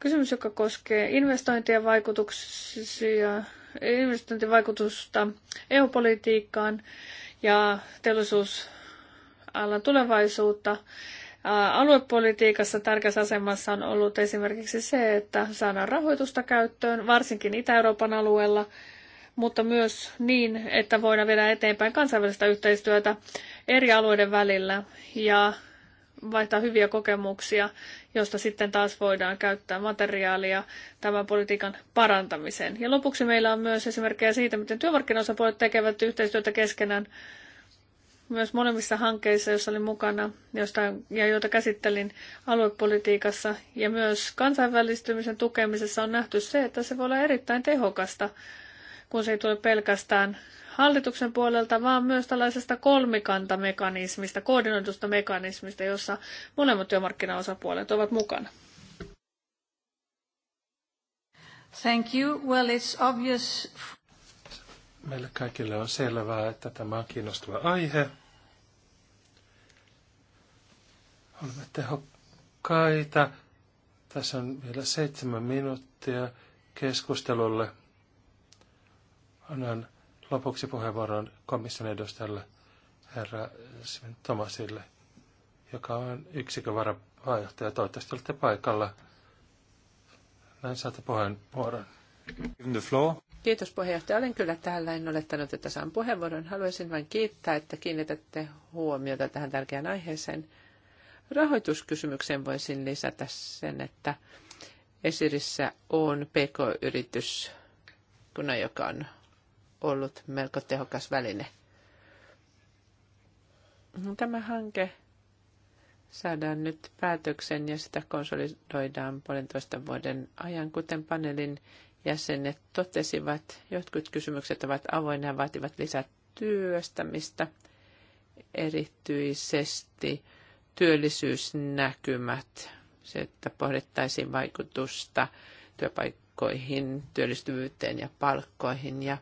Kysymys, joka koskee investointien vaikutuksia, investointivaikutusta EU-politiikkaan ja teollisuusalan tulevaisuutta. Aluepolitiikassa tärkeässä asemassa on ollut esimerkiksi se, että saadaan rahoitusta käyttöön, varsinkin Itä-Euroopan alueella, mutta myös niin, että voidaan viedä eteenpäin kansainvälistä yhteistyötä eri alueiden välillä ja vaihtaa hyviä kokemuksia josta sitten taas voidaan käyttää materiaalia tämän politiikan parantamiseen. Ja lopuksi meillä on myös esimerkkejä siitä, miten työmarkkinaosapuolet tekevät yhteistyötä keskenään myös molemmissa hankkeissa, joissa olin mukana josta, ja joita käsittelin aluepolitiikassa ja myös kansainvälistymisen tukemisessa on nähty se, että se voi olla erittäin tehokasta kun se ei tule pelkästään hallituksen puolelta, vaan myös tällaisesta kolmikantamekanismista, koordinoidusta mekanismista, jossa molemmat työmarkkinaosapuolet ovat mukana. Thank you. Well, it's obvious. Meille kaikille on selvää, että tämä on kiinnostava aihe. Olemme tehokkaita. Tässä on vielä seitsemän minuuttia keskustelulle. Annan lopuksi puheenvuoron komission edustajalle herra Sven Tomasille, joka on yksikön varapuheenjohtaja. Toivottavasti olette paikalla. Näin saatte puheenvuoron. The floor. Kiitos puheenjohtaja. Olen kyllä täällä. En olettanut, että saan puheenvuoron. Haluaisin vain kiittää, että kiinnitätte huomiota tähän tärkeään aiheeseen. Rahoituskysymykseen voisin lisätä sen, että Esirissä on PK-yritys, joka on ollut melko tehokas väline. No, tämä hanke saadaan nyt päätöksen ja sitä konsolidoidaan puolentoista vuoden ajan, kuten panelin jäsenet totesivat. Jotkut kysymykset ovat avoinna ja vaativat lisätyöstämistä, erityisesti työllisyysnäkymät, se, että pohdittaisiin vaikutusta työpaikkoihin, työllistyvyyteen ja palkkoihin ja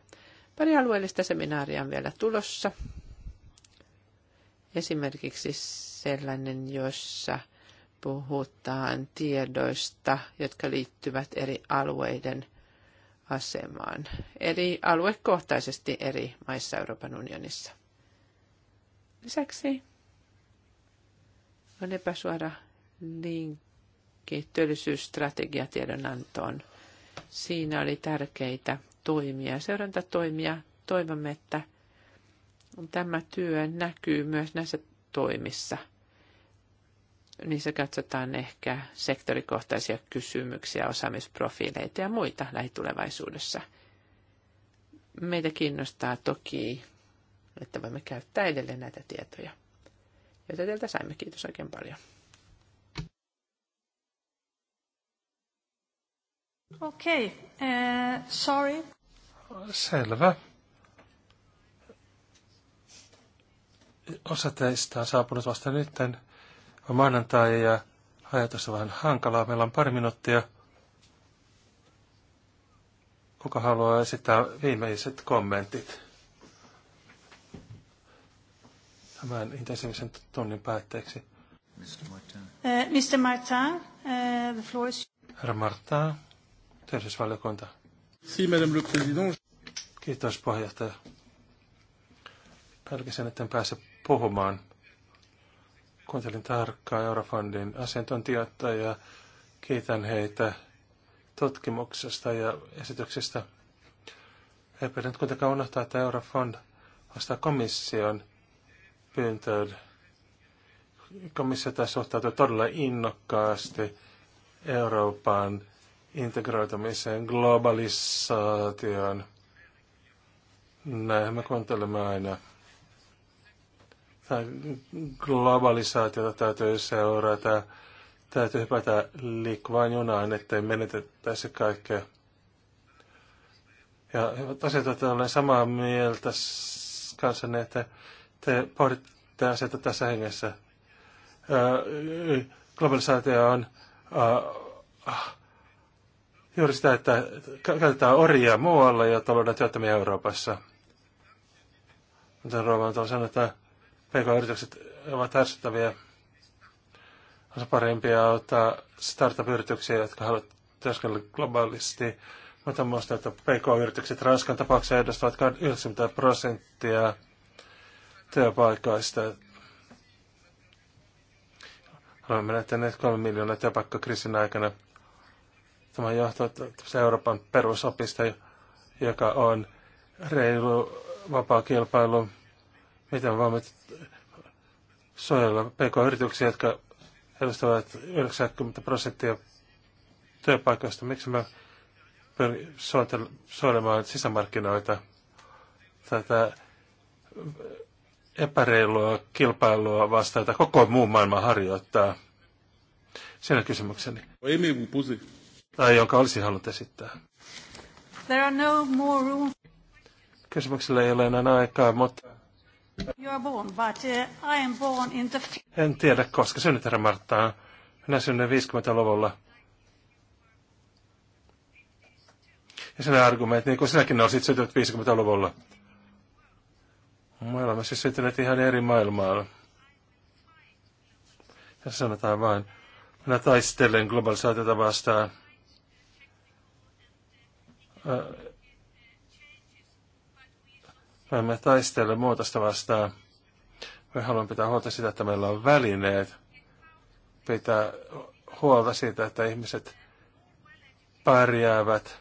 Pari alueellista seminaaria on vielä tulossa. Esimerkiksi sellainen, jossa puhutaan tiedoista, jotka liittyvät eri alueiden asemaan, eli aluekohtaisesti eri maissa Euroopan unionissa. Lisäksi on epäsuora linkki työllisyysstrategiatiedonantoon. Siinä oli tärkeitä toimia, seurantatoimia. Toivomme, että tämä työ näkyy myös näissä toimissa. Niissä katsotaan ehkä sektorikohtaisia kysymyksiä, osaamisprofiileita ja muita lähitulevaisuudessa. Meitä kiinnostaa toki, että voimme käyttää edelleen näitä tietoja, joita teiltä saimme. Kiitos oikein paljon. okay. uh, sorry. Selvä. Osa teistä on saapunut vasta nytten. On maanantai ja ajatus on vähän hankalaa. Meillä on pari minuuttia. Kuka haluaa esittää viimeiset kommentit? Tämän intensiivisen tunnin päätteeksi. Mr. Martin. Uh, eh, Mr. Martin, uh, the floor is... Herra Martin, terveysvaliokunta. Si, Madame le Président. Kiitos puheenjohtaja. Pelkäsin, en pääse puhumaan. Kuuntelin tarkkaan Eurofondin asiantuntijoita ja kiitän heitä tutkimuksesta ja esityksestä. Ei pidä nyt kuitenkaan unohtaa, että Eurofond vastaa komission pyyntöön. Komissio tässä suhtautuu todella innokkaasti Euroopan integroitumiseen, globalisaation – Näinhän me kuuntelemme aina. Tämä globalisaatio täytyy seurata. Täytyy hypätä liikkuvaan junaan, ettei menetettäisi kaikkea. Ja tosiaan että olen samaa mieltä kanssanne, että te pohditte asioita tässä hengessä. Globalisaatio on ah, juuri sitä, että käytetään orjia muualla ja talouden työttömiä Euroopassa. Kuten on sanonut, että PK-yritykset ovat ärsyttäviä. On parempia ottaa startup-yrityksiä, jotka haluavat työskennellä globaalisti. Mutta muista, että PK-yritykset Ranskan tapauksessa edustavat 90 prosenttia työpaikoista. Olemme menettäneet 3 miljoonaa työpaikkaa kriisin aikana. Tämä johtuu Euroopan perusopista, joka on reilu vapaa kilpailu, miten me voimme suojella pk-yrityksiä, jotka edustavat 90 prosenttia työpaikoista. Miksi me pyrimme suojelemaan sisämarkkinoita tätä epäreilua kilpailua vastaan, jota koko muu maailma harjoittaa? Siinä kysymykseni. Tai jonka olisi halunnut esittää. There are no more room. Kysymyksellä ei ole enää aikaa, mutta Uh, en tiedä, koska synnyt, herra Marttaa. Minä synnyin 50-luvulla. Ja sinä argumentit, niin kuin sinäkin olisit syntynyt 50-luvulla. Maailmassa siis syntyneet ihan eri maailmaan. Ja sanotaan vain, minä taistelen globalisaatiota vastaan. Me emme taistele muutosta vastaan. Me haluamme pitää huolta siitä, että meillä on välineet. Pitää huolta siitä, että ihmiset pärjäävät,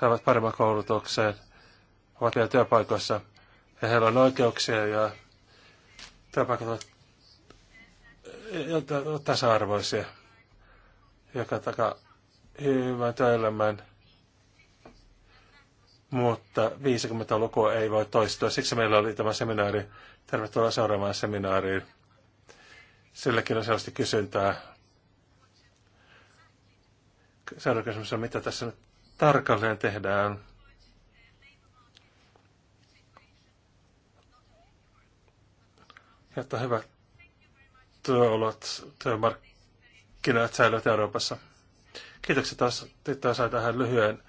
saavat paremman koulutukseen, ovat vielä työpaikoissa ja heillä on oikeuksia ja työpaikat ovat tasa-arvoisia, joka takaa hyvän työelämän mutta 50 lukua ei voi toistua. Siksi meillä oli tämä seminaari. Tervetuloa seuraavaan seminaariin. Silläkin on selvästi kysyntää. Seuraava kysymys on, mitä tässä nyt tarkalleen tehdään. Jotta hyvät työolot, työmarkkinat säilyvät Euroopassa. Kiitokset taas, taas tähän lyhyen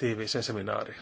tiiviiseen seminaariin.